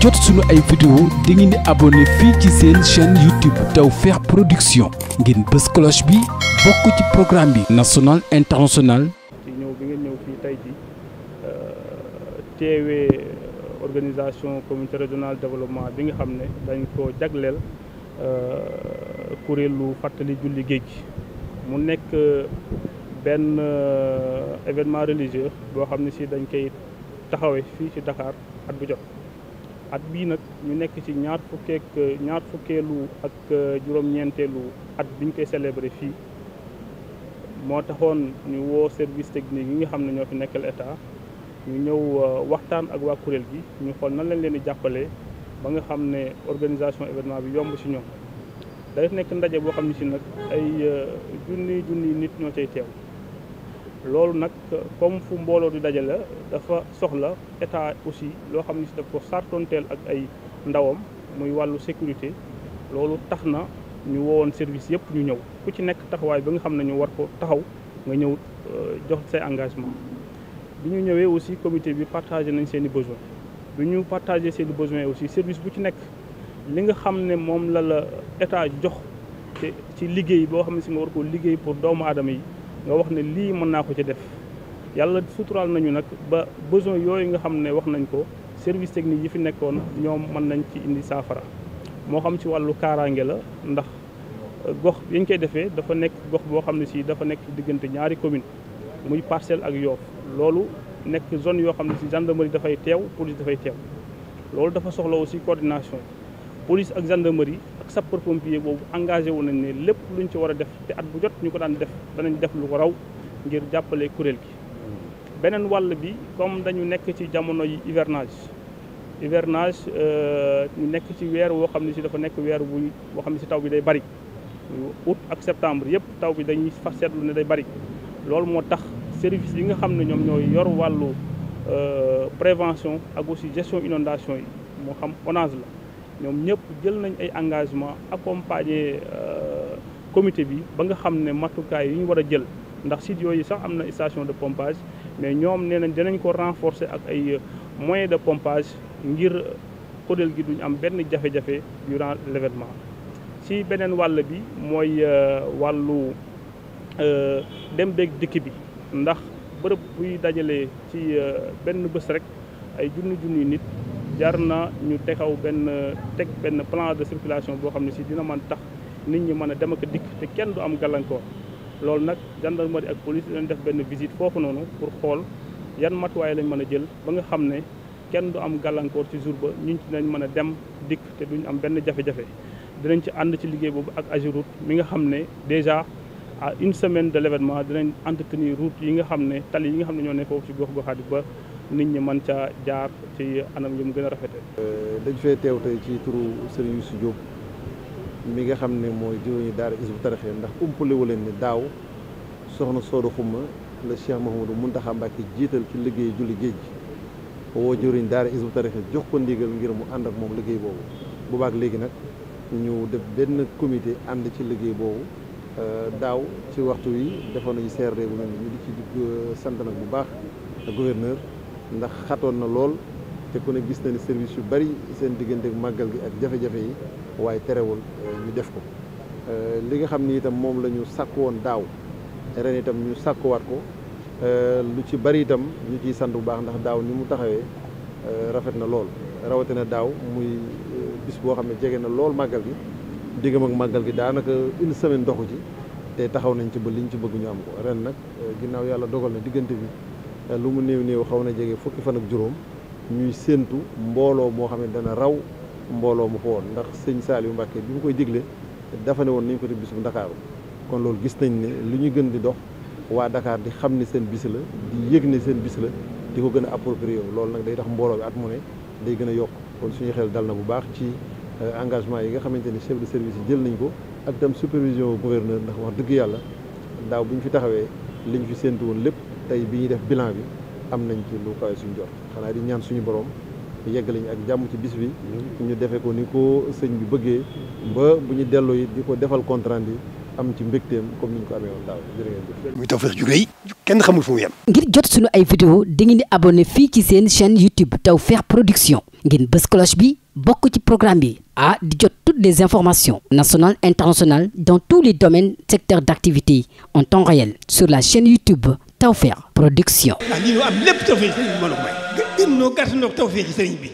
jot suñu ay vidéo da ngeen di abonné fii ci seen chaîne YouTube Tawfekh Production ngeen bës cloche bi bokk ci programme bi national international ci ñëw bi ngeen ñëw fii tey ji euh, teewee organisation communauté régionale développement bi nga xam ne dañ ko jagleel euh, kuréelu fàttali julli géej gi mu nekk euh, benn événement religieux boo xam ne si dañ koy taxawee fii ci Dakar at bu jot at bii nag ñu nekk ci ñaar fukkeek ñaar fukkeelu ak euh, juróom-ñeenteelu at biñ koy célébrer fii moo taxoon ñu woo service technique yi nga xam ne ñoo fi nekkal état ñu ñëw euh, waxtaan ak waa kuréel gi ñu xool nan lañ leen di jàppale ba nga xam ne organisation événement bi yomb ci ñoom day nekk ndaje boo xam ne ci nag ay junni euh, junni nit ñoo cay teew loolu nag comme fu mbooloo di daje la dafa soxla état aussi loo xam ni si daf ko sartonteel ak ay ndawam muy wàllu sécurité loolu tax na ñu woowoon service yëpp ñu ñëw ku ci nekk taxawaay ba nga xam ne ñu war ko taxaw nga ñëw euh, jox say engagement bi ñu ñëwee aussi comité bi partagé nañ seen i besoin ñu partagé seen i besoin aussi service bu ci nekk li nga xam ne moom la la état jox ci liggéey boo xam ne si nga war koo liggéey pour doomu aadama yi nga wax ne lii mën naa ko ci def yàlla suturaal nañu nag ba besoin yooyu nga xam ne wax nañ ko service technique yi fi nekkoon ñoom mën nañ ci indi saafara moo xam ci wàllu kaaraange la ndax gox yañ koy defee dafa nekk gox boo xam ne si dafa nekk diggante ñaari commune muy parcelle ak yoof loolu nekk zone yoo xam ne si gendarmerie dafay teew police dafay teew loolu dafa soxla aussi coordination police ak gendarmerie ak sapeur pompier boobu engagé wu nañ ne lépp luñ ci war a def te at bu jot ñu ko daan def danañu def lu ko raw ngir jàppale kuréel gi. beneen wàll bi comme dañu nekk ci jamono yi hivernage hivernage ñu euh, nekk ci weer woo xam ne si dafa nekk weer buy boo xam ne si taw bi day bari août ak septembre yëpp taw bi dañuy fa seetlu ne day bari loolu moo tax service yi nga xam ne ñoom ñooy yor wàllu euh, prévention ak aussi gestion yi moo xam ONAS la. ñoom ñëpp jël nañ ay engagement accompagner euh, comité bi ba nga xam ne matukaay yi ñu war a jël ndax site yooyu sax am na station de pompage mais ñoom nee nañ dinañ ko renforcer ak ay euh, moyens de pompage ngir kuréel gi duñ am benn jafe-jafe durant l'événement ci beneen wàll bi mooy euh, wàllu dem beeg dikk bi ndax bërëb buy dajale ci benn bés rek ay junni junni nit jar na ñu texaw benn teg benn plan de circulation boo xam ne si dina mën tax nit ñi mën a dem ak dikk te kenn du am gàllankoor loolu nag gendarmerie ak police dinañ def benn visite foofu noonu pour xool yan matuwaay lañ mën a jël ba nga xam ne kenn du am gàllankoor ci jour ba ñu ci nañ mën a dem dikk te duñ am benn jafe-jafe dinañ ci ànd ci liggéey boobu ak Ageroute mi nga xam ne déjà à une semaine de l'événement dinañ entretenir route yi nga xam ne tali yi nga xam ne ñoo ne foofu ci gox nit ñi man caa jaar ci anam yu mu gën a rafete euh, dañ fee teew tey ci turu Serigne Youssou Diop mi nga xam ne mooy yi daara Hizbut Tarqiyyah ndax umpalewu leen ni daaw soxna Sooda Xuma la Cheikh Mouhamadou Mountakha Mbacké jiital ci liggéey julli géej gi woo jëwriñ daara Hizbut Tarqiyyah jox ko ndigal ngir mu ànd ak moom liggéey boobu bu baax léegi nag ñu def benn comité ànd ci liggéey boobu euh, daaw ci waxtu wi defoon nañu CRD bu mel ni ñu di ci digg euh, nag bu baax gouverneur ndax xatoon na lool te ku ne gis na ni service yu bari seen diggante ak màggal gi ak jafe-jafe yi waaye terewul euh, ñu def ko euh, li nga xam ni itam moom la ñu sàkk woon daaw ren itam ñu sàkkuwaat ko euh, lu ci bari itam ñu ciy sant bu baax ndax daaw ni mu taxawee rafet na lool rawatina daaw muy bis boo xam ne jege na lool màggal gi diggam ak màggal gi daanaka indi semaine doxu ji te taxaw nañ ci ba liñ ci bëgg ñu am ko ren nag ginnaaw yàlla dogal na diggante bi lu mu néew néew xaw na jege fukki fan ak juróom ñuy séentu mbooloo moo xam ne dana raw mbooloo mu fa woon ndax sëñ yu Mbacke bi mu koy digle dafa ne woon nañ ko def bu Ndakaaru kon loolu gis nañ ne lu ñu gën di dox waa ndakaar di xam ne seen bis la di yëg ne seen bis la di ko gën a approprié loolu nag day tax mbooloo bi at mu ne day gën a yokk kon suñu xel dal na bu baax ci euh, engagement yi nga xamante ni chef de service yi jël nañ ko ak tam supervision gouverneur ndax wax dëgg yàlla daaw bu ñu fi taxawee liñ fi séentu woon lépp tey bi ñuy def bilan bi am nañ ci lu kawe suñu jot xanaa di ñaan suñu borom yegg lañu ak jàmm ci bis bi ñu defee ko ni ko sëñ bi bëggee ba bu ñu delloo yi di ko defal compte rendu am ci mbégteem comme ni ñu ko amee woon daaw jërë ngeen jëf muy Tawfekh kenn xamul fu mu yem ngir jot suñu ay vidéo di ngeen di abonné fii ci seen chaîne YouTube Tawfekh Production ngeen bës cloche bi bokk ci programme bi ah di jot toutes des informations national internationales dans tous les domaines secteurs d'activité en temps Tawfekh Production. ndax ah, lii am lépp tawfeer ci sëriñ bi mën a may. gën noo gàtt tawfeer ci sëriñ bi.